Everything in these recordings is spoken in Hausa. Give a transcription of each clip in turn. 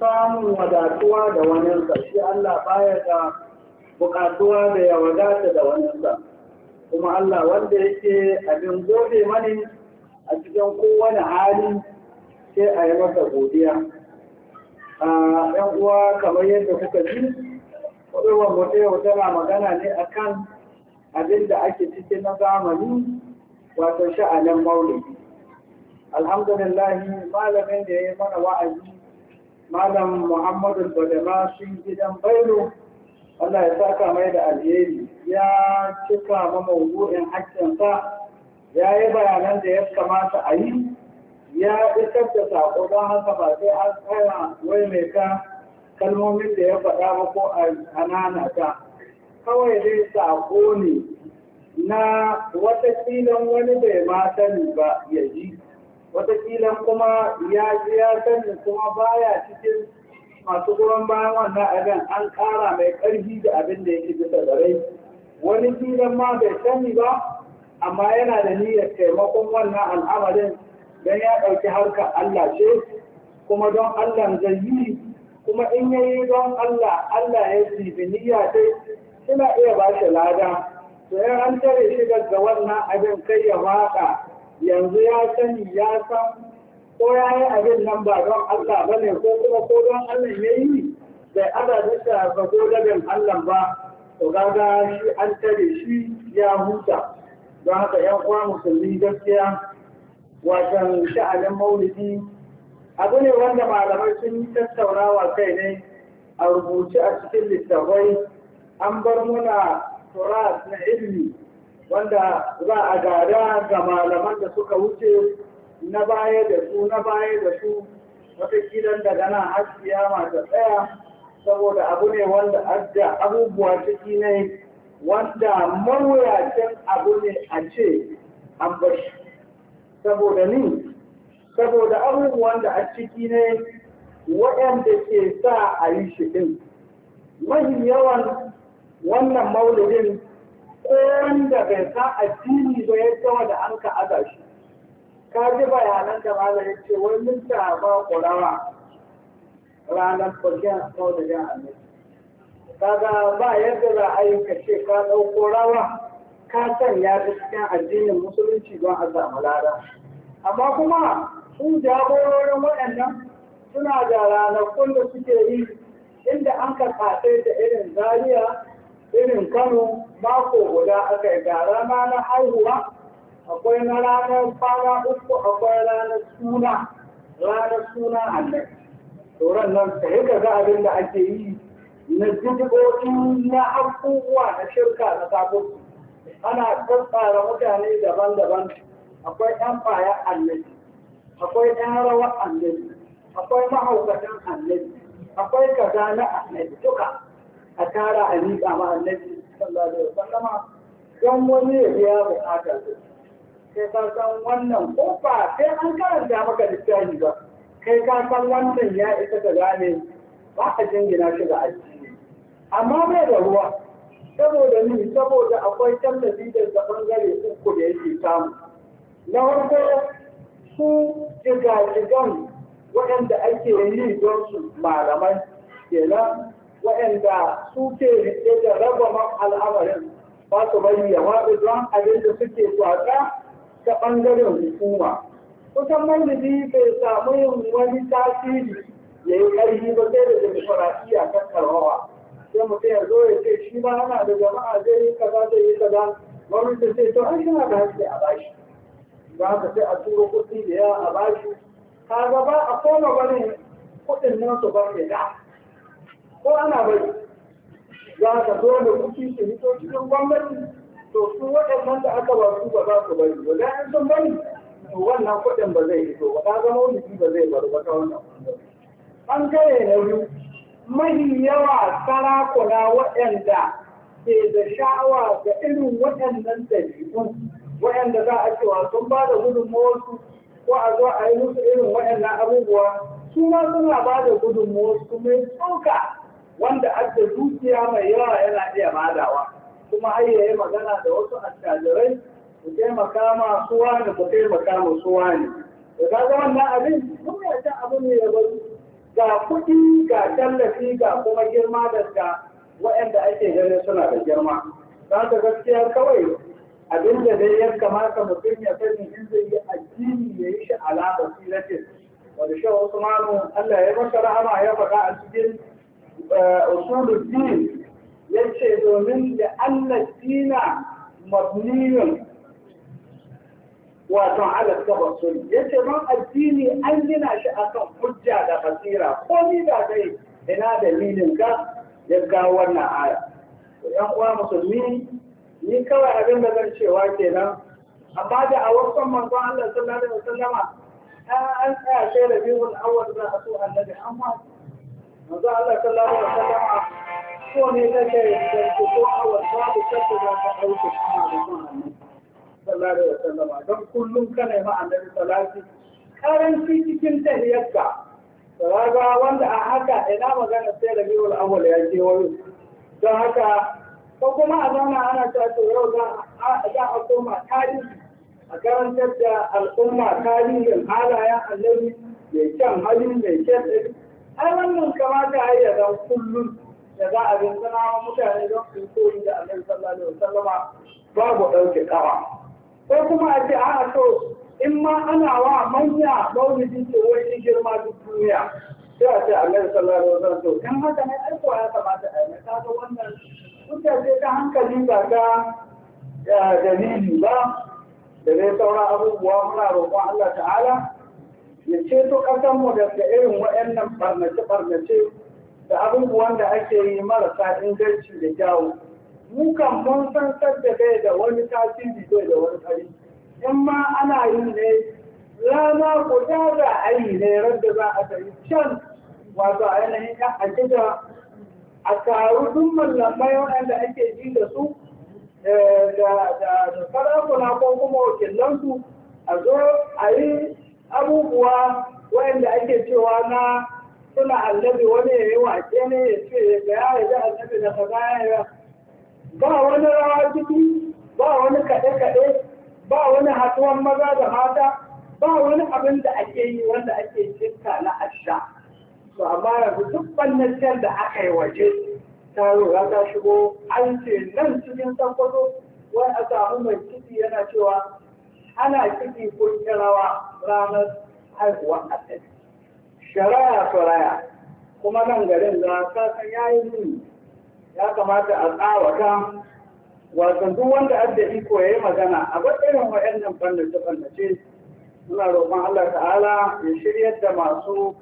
samun wadatuwa da waninsa shi Allah baya da bukatuwa da ya wadata da waninsa kuma Allah wanda yake abin gode mani a cikin kowane hali sai a yi masa godiya a yan uwa kamar yadda kuka ji kwarewa mutum yau tana magana ne akan abin da ake ciki na zamani wato sha'anin maulidi alhamdulillah malamin da ya yi mana wa'azi malam muhammadu badama shin gidan bailo Allah ya saka mai da alheri ya cika ma mawudu'in haƙƙinsa ya yi bayanan da ya kamata a yi ya isar da saƙo don haka ba sai an tsaya wai mai ka kalmomin da ya faɗa ba ko a hanana ta kawai dai saƙo ne na wata wani bai ma sani ba ya ji watakila kuma ya ji ya sani kuma baya cikin masu goron bayan wannan abin an kara mai karfi da abin da yake bisa rai wani filan ma bai sani ba amma yana da niyyar taimakon wannan al'amarin don ya ɗauki harka Allah ce kuma don Allah zai yi kuma in ya yi don Allah Allah ya zibi niyya ce suna iya ba shi lada to yan an tare shi daga wannan abin kai ya faɗa yanzu ya sani ya san ko ya yi abin nan ba don Allah ba ne ko kuma ko don Allah ya yi bai ada da ba ko dabin Allah ba to gaga shi an tare shi ya huta don haka yan uwa musulmi gaskiya wajen sha'anin maulidi abu ne wanda malamai sun yi tattaunawa kai ne a rubuce a cikin littafai an bar muna turas na ilmi wanda za a gada ga malaman da suka wuce na baya da su na baya da su Wata kidan daga nan har kiyama ta tsaya saboda abu ne wanda adda abubuwa ciki ne wanda mawuyacin abu ne a ce an bashi saboda ni saboda abubuwan da a ciki ne waɗanda ke sa a yi shi ɗin mahi yawan wannan maulidin ko wanda bai sa addini ba ya da da an ka aza shi ka ji bayanan da malam ya ce wani ta ba ƙurawa ranar kwanciyar sau da jan kaga ba yadda za a yi ka ce ka ɗauko rawa ka sanya ta cikin addinin musulunci don a samu lada amma kuma sun jagororin waɗannan suna da ranar da suke yi inda an ka da irin zariya irin kano mako guda aka yi ga rana na haihuwa akwai na ranar kwana uku akwai ranar suna ranar suna allai tsoron nan ta yi gaza abin da ake yi na jirgin na abubuwa na shirka na sabon ana tsara mutane daban-daban akwai 'yan faya annabi akwai 'yan rawa annabi akwai mahaukatan annabi akwai kaza na annabi duka a tara a miƙa ma annabi sallallahu alaihi wasallama don wani ya biya buƙata su sai ka san wannan ko ba sai an karanta maka littafi ba kai ka san wannan ya isa ka gane ba a jingina shi ga addini amma bai da ruwa saboda ni saboda akwai tallafi da bangare uku da yake samu na farko su jigajigan waɗanda ake yi don su malaman kenan waɗanda suke riƙe da raba al'amarin ba su bari ya waɗu don abin da suke kwasa ta ɓangaren hukuma. Kusan maulidi bai samu yin wani tasiri ya yi ƙarfi ba sai da demokuraɗiyya kan karawa. Sai mutum ya zo ya ce shi ma yana da jama'a zai yi kaza zai yi kaza. Wani Gwamnati sai to an yana da haske a bashi. Za ka sai a turo kuɗi da yawa a bashi. Kaga ba a koma wani kuɗin nan su ke da ko ana bai za ka dole kuki su fito cikin gwamnati to su waɗannan da aka ba su ba za su bari ba dan sun bari to wannan kuɗin ba zai fito ba ka zama wani ba zai bari ba ta wannan an gane na biyu mahi yawa sarakuna waɗanda ke da sha'awa ga irin waɗannan ɗabi'un waɗanda za a cewa sun ba da su ko a zo a yi musu irin waɗannan abubuwa su ma suna ba da su mai tsoka wanda adda zuciya mai yawa yana iya madawa kuma har yayi magana da wasu attajirai ku taimaka ma su ne ku taimaka ma su wani da ga wannan abin mun ya ta abu ne ya ga kuɗi ga tallafi ga kuma girma da daga waɗanda ake gani suna da girma za ka gaskiya kawai abin da dai ya kamata mutum ya sani in zai yi addini ya yi shi ala basilatin wani shi Usmanu Allah ya masa rahama ya faɗa a cikin usuluddin ce domin da Allah dina mabniyun wato ala ya ce don addini an gina shi akan hujja da basira ko ni ba zai? ina da dalilin ka ya kawo wannan aya yan uwa musulmi ni kawai abin da zan cewa kenan amma da a wasu manzon Allah sallallahu alaihi wasallama an tsaya sai da biyun awwal za a so annabi Muhammad manzo Allah sallallahu alaihi wasallam ko ne take da ko awar ba da take da ka dauke shi sallallahu alaihi wasallam don kullum kana ma annabi salati karanci cikin tahiyarka raga wanda a haka ina magana sai da biyul awwal ya ce wani don haka ko kuma a zauna ana ta yau za a koma tarihi a karantar da al'umma tarihin halayen annabi mai kyan hali mai kyan ai wannan kamata ta ya dan kullum da za a bin wa mutane don su koyi da annabi sallallahu alaihi wasallama babu dauke kawa ko kuma a ce a to in ma ana wa manya maulidi ce shi girma duk duniya sai a ce annabi sallallahu alaihi wasallam to kan haka ne ai ko ya kamata a yi ka ga wannan mutane ta hankali ba ta eh, dalili ba da dai sauran abubuwa muna roƙon Allah ta'ala ya ceto mu daga irin waɗannan barnace-barnace da abubuwan da ake yi marasa inganci da kyawu. Mu kan mun san sadda bai da wani tasiri bai da wani tsari, In ma ana yi ne rana guda da ayi ne radda za a tafi can wato a ɗan a da, a taru duk mallamai waɗanda ake ji da su eh, da sarakuna ko kuma wakilansu a zo a yi abubuwa wayanda ake cewa na suna annabi wani ya yi wake ne ya ce gaya ya yi annabi da kaza ya ba wani rawa jiki ba wani kaɗe-kaɗe ba wani haɗuwan maza da mata ba wani abin da ake yi wanda ake cinta na asha to amma yanzu duk ɓannancen da aka yi waje ta lura ta shigo an ce nan cikin sakwato wani a samu mai ciki yana cewa ana ciki kun rawa ranar haihuwa a tafi shari'a shari'a kuma nan garin da kasan ya yi nuni ya kamata a tsawata wasan duk wanda adda iko ya yi magana a irin waɗannan fannace-fannace muna roƙon Allah ta'ala ya shirya da masu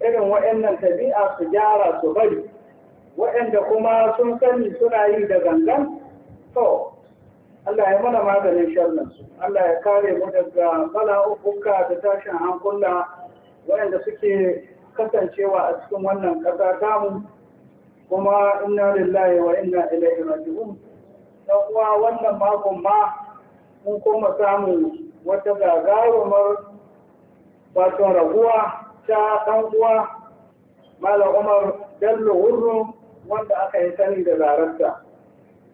irin nan tabi'a su gyara su bari da kuma sun sani suna yi da gangan mana maganin sharrin su Allah ya kare mu daga bala'ukuka da tashin hankula waɗanda suke kasancewa a cikin wannan ƙasa tamu kuma inna lillahi wa inna ilaihi raji'un dan uwa wannan makon ma mun koma samu wata gagarumar wato raguwa ta dan uwa Malam Umar Bello Wurru wanda aka yi sani da zararsa.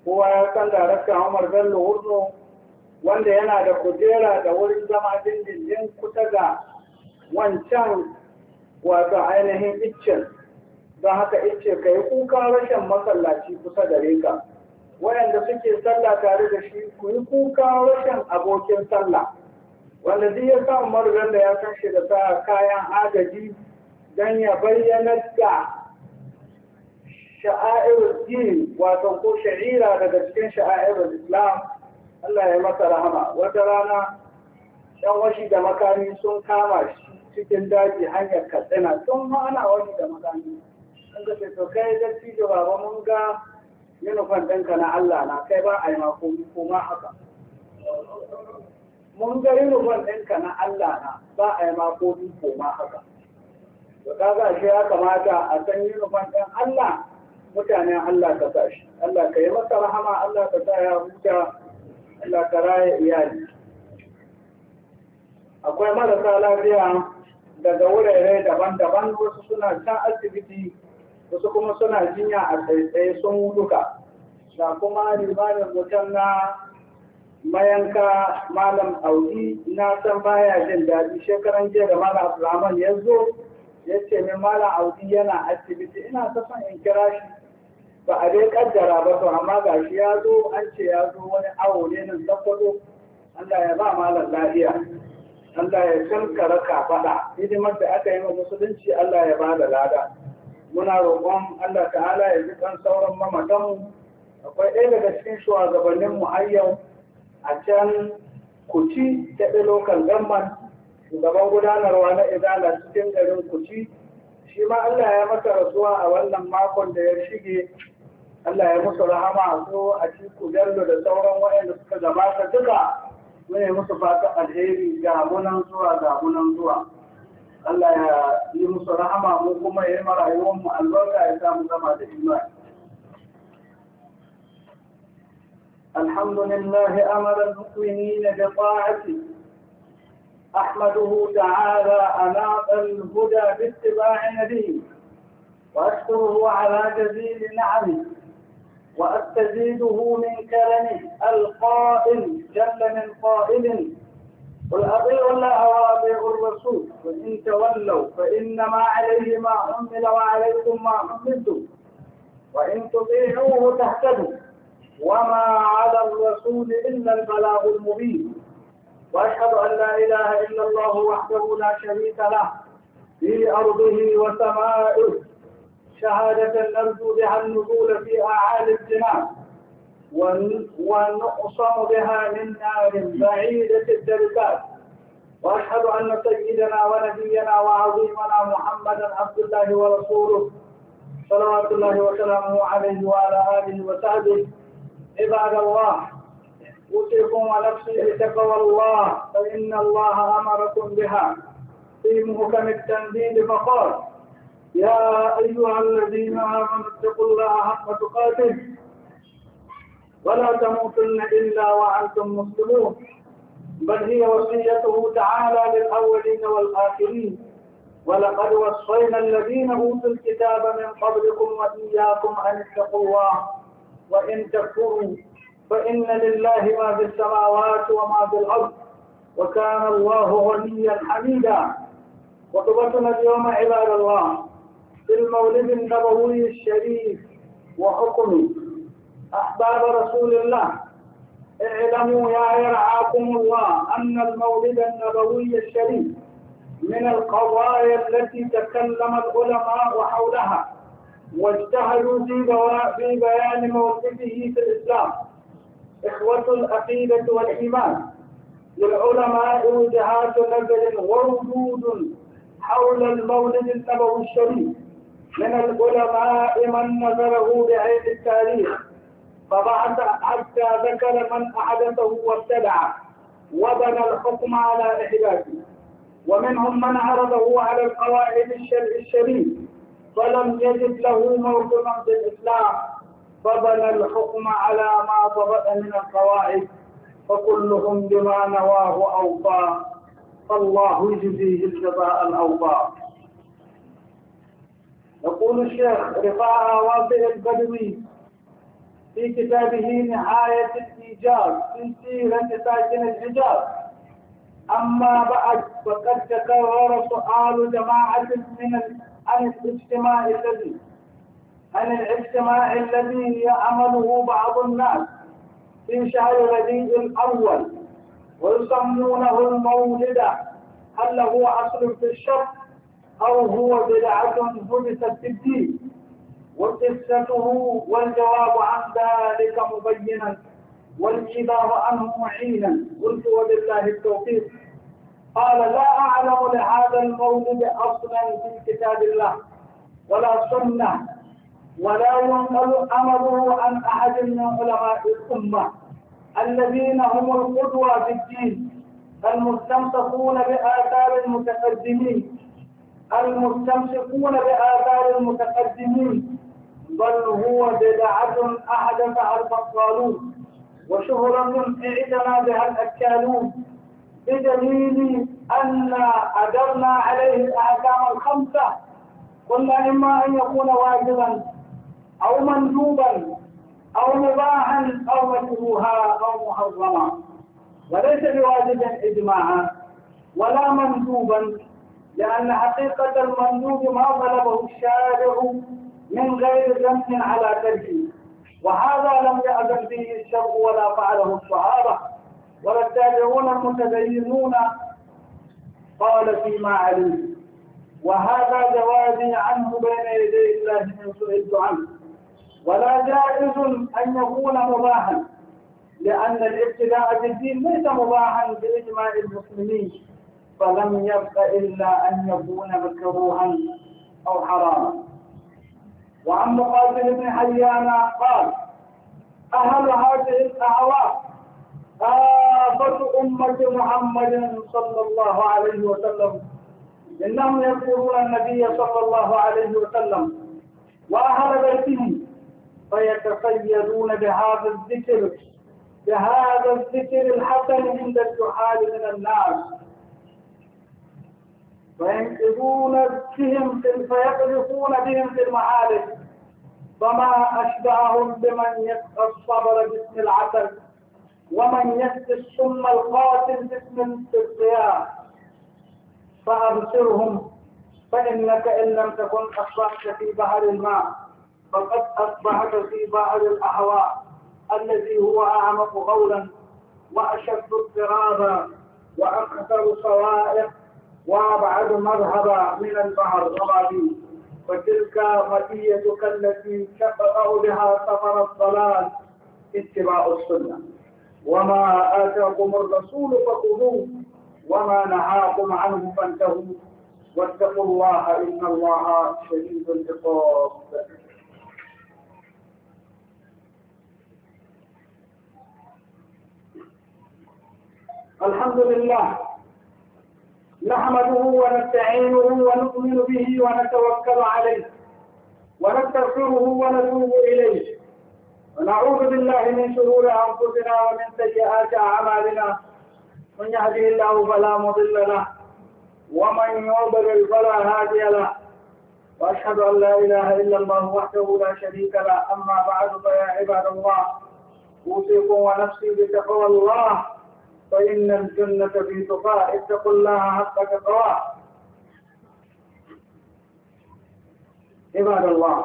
kowa ya san darakta Umar Bello Wurno wanda yana da kujera da wurin zama dindindin kusa ga wancan wato ainihin iccen don haka ice ka yi kuka rashin masallaci kusa gare ka waɗanda suke sallah tare da shi ku yi kuka rashin abokin sallah wanda duk ya samu marugan da ya san shi da sa kayan agaji don ya bayyana da sha'a'irul din wato ko sha'ira daga cikin sha'a'irul islam Allah ya masa rahama wata rana ɗan washi da makami sun kama shi cikin daji hanyar katsina sun ma ana washi da makami sun ga to kai da cijo baba mun ga yunifan ɗinka na Allah na kai ba a yi ma kuma haka mun ga yunifan ɗinka na Allah na ba a yi ma kuma haka to kaga shi ya kamata a san yunifan ɗin Allah mutane Allah ka sa shi Allah ka yi masa rahama Allah ka sa ya huta Allah ka raya iyali akwai marasa lafiya daga wurare daban-daban wasu suna can asibiti wasu kuma suna jinya a tsaye sun duka da kuma limanin mutum na mayanka malam audi na san baya jin daɗi shekaran jiya da malam abdulrahman ya zo ya ce min malam audi yana asibiti ina ta son in kira shi ba a dai kaddara ba to amma ga shi ya zo an ce ya zo wani awo ne nan tabbato Allah ya ba malam lafiya Allah ya kankara kafaɗa hidimar da aka yi wa musulunci Allah ya ba da lada muna roƙon Allah ta'ala ya ji kan sauran mamatanmu akwai ɗaya daga cikin shugabannin mu ayyau a can kuci ta lokal gamman shugaban gudanarwa na izala cikin garin kuci shi ma Allah ya masa rasuwa a wannan makon da ya shige Allah ya musu rahama so a ciku jallo da sauran waɗanda suka gabata duka ne musu fata alheri ga munan zuwa ga munan zuwa Allah ya yi musu rahama mu kuma ya yi marayuwar mu albarka ya samu zama da imani الحمد لله أمر المؤمنين بطاعته أحمده تعالى أناط الهدى باتباع نبيه وأشكره على جزيل نعمه وأستزيده من كرمه القائل جل من قائل قل أطيعوا الله وأطيعوا الرسول وإن تولوا فإنما عليه ما حمل وعليكم ما حملتم وإن تطيعوه تهتدوا وما على الرسول إلا البلاغ المبين وأشهد أن لا إله إلا الله وحده لا شريك له في أرضه وسمائه شهادة نرجو بها النزول في أعالي الجنان ونقصم بها من نار بعيدة الدركات وأشهد أن سيدنا ونبينا وعظيمنا محمدا عبد الله ورسوله صلوات الله وسلامه عليه وعلى آله وصحبه عباد الله أوصيكم ونفسي بتقوى الله فإن الله أمركم بها في محكم التنزيل فقال يا أيها الذين آمنوا اتقوا الله حق تقاته ولا تموتن إلا وأنتم مسلمون بل هي وصيته تعالى للأولين والآخرين ولقد وصينا الذين أوتوا الكتاب من قبلكم وإياكم أن اتقوا الله وإن تكفروا فإن لله ما في السماوات وما في الأرض وكان الله غنيا حميدا خطبتنا اليوم عباد الله في المولد النبوي الشريف وحكم أحباب رسول الله اعلموا يا يرعاكم الله أن المولد النبوي الشريف من القضايا التي تكلم العلماء حولها واجتهدوا في بيان موقفه في الإسلام إخوة العقيدة والإيمان للعلماء وجهات نظر وردود حول المولد النبوي الشريف من العلماء من نظره بعين التاريخ فبعث حتى ذكر من أحدثه وابتدعه وبنى الحكم على إحداثه ومنهم من عرضه على القواعد الشرع الشريف فلم يجد له موقفا في الإسلام فبنى الحكم على ما طبق من القواعد فكلهم بما نواه أوفى فالله يجزيه الجزاء الأوفى يقول الشيخ رفاعة وافع البدوي في كتابه نهاية الإيجاز في سيرة ساكن الحجاز أما بعد فقد تكرر سؤال جماعة من عن الاجتماع الذي عن الاجتماع الذي يعمله بعض الناس في شهر ربيع الأول ويسمونه المولدة هل له أصل في الشرق أو هو بدعة هرست في الدين وقصته والجواب عن ذلك مبينا والإبارة عنه معينا قلت وبالله التوفيق قال لا أعلم لهذا الموجود أصلا في كتاب الله ولا سنة ولا ينقل أمره عن أحد من علماء الأمة الذين هم القدوة في الدين المستمسكون بآثار المتقدمين المستمسكون بآثار المتقدمين بل هو بدعة أحدثها البطالون وشهرة اعتنى بها الأكالون بدليل أن أدرنا عليه الأحكام الخمسة قلنا إما أن يكون واجبا أو مندوبا أو مباحا أو مكروها أو محرما وليس بواجب إجماعا ولا مندوبا لأن حقيقة المندوب ما طلبه الشارع من غير ذنب على تركه وهذا لم يأذن به الشرع ولا فعله الصحابة ولا التابعون المتدينون قال فيما عليه وهذا جوازي عنه بين يدي الله من سئلت عنه ولا جائز أن يكون مباحا لأن الابتداء بالدين ليس مباحا بإجماع المسلمين فلم يبق إلا أن يكون مكروها أو حراما وعن مقاتل بن حيان قال أهل هذه الدعوات آفة أمة محمد صلى الله عليه وسلم إنهم يذكرون النبي صلى الله عليه وسلم وأهل بيته فيتقيدون بهذا الذكر بهذا الذكر الحسن عند الجحال من الناس فينقذون بهم فيقذفون بهم في المعارك فما أشبعهم بمن يسقى الصبر باسم العسل ومن يسقي السم القاتل باسم الصيام فأبصرهم فإنك إن لم تكن أصبحت في بحر الماء فقد أصبحت في بحر الأهواء الذي هو أعمق غولا وأشد اضطرابا وأكثر صوائق وأبعد مذهب من البحر المهربة وتلك مديتك التي شفقه بها ثمر الضلال اتباع السنة وما آتاكم الرسول فخذوه وما نهاكم عنه فانتهوا واتقوا الله إن الله شديد العقاب الحمد لله نحمده ونستعينه ونؤمن به ونتوكل عليه ونستغفره ونتوب إليه ونعوذ بالله من شرور أنفسنا ومن سيئات أعمالنا من يهده الله فلا مضل له ومن يضلل فلا هادي له وأشهد أن لا إله إلا الله وحده لا شريك له أما بعد فيا عباد الله أوصيكم ونفسي بتقوى الله فإن الجنة في تقاء اتقوا الله حق تقواه عباد الله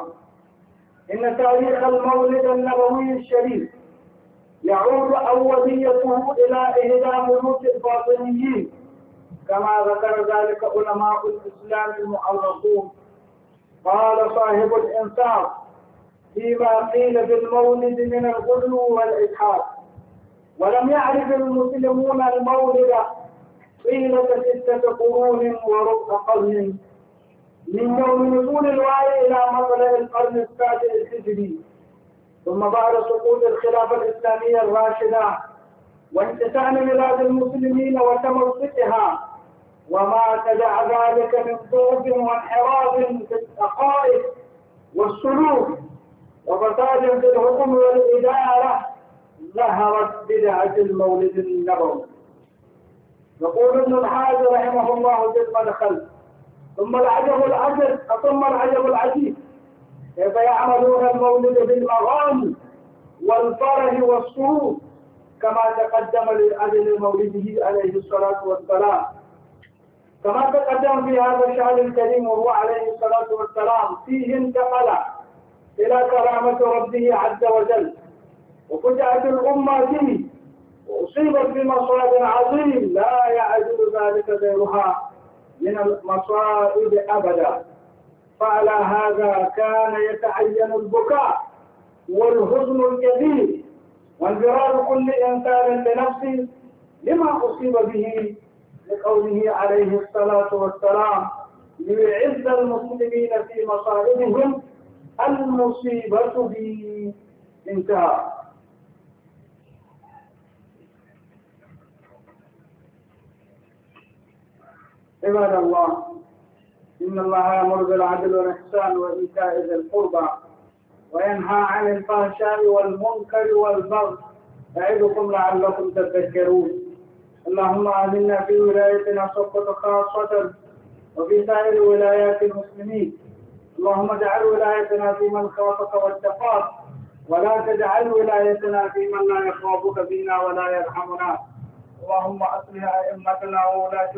إن تاريخ المولد النبوي الشريف يعود أوليته إلى إهداء ملوك الباطنيين كما ذكر ذلك علماء الإسلام المعرفون قال صاحب الإنصاف فيما قيل في المولد من الغلو والإسحاق ولم يعرف المسلمون المولد طيلة ستة قرون وربع قرن من يوم نزول الوعي إلى مطلع القرن السادس الهجري ثم بعد سقوط الخلافة الإسلامية الراشدة وانتسام بلاد المسلمين وتمسكها وما تدع ذلك من ضعف وانحراف في العقائد والسلوك وفساد في الحكم والإدارة ظهرت بدعة المولد النبوي يقول ابن الحاج رحمه الله جل دخل ثم العجب العجب ثم العجب العجيب كيف يعملون المولد بالمغاني والفرح والسرور كما تقدم لأجل مولده عليه الصلاة والسلام كما تقدم في هذا الشهر الكريم وهو عليه الصلاة والسلام فيه انتقل إلى كرامة ربه عز وجل وفجأت الأمة به وأصيبت بمصائب عظيم لا يعجل ذلك غيرها من المصائب أبدا فعلى هذا كان يتعين البكاء والحزن الجديد وانفراد كل إنسان لنفسه لما أصيب به لقوله عليه الصلاة والسلام ليعز المسلمين في مصائبهم المصيبة بي انتهى عباد الله إن الله يأمر بالعدل والإحسان وإيتاء ذي القربى وينهى عن الفحشاء والمنكر والبغي يعظكم لعلكم تذكرون اللهم آمنا في ولايتنا سقط خاصة وفي سائر ولايات المسلمين اللهم اجعل ولايتنا في من خافك واتقاك ولا تجعل ولايتنا في من لا يخافك فينا ولا يرحمنا اللهم اصلح ائمتنا وولاة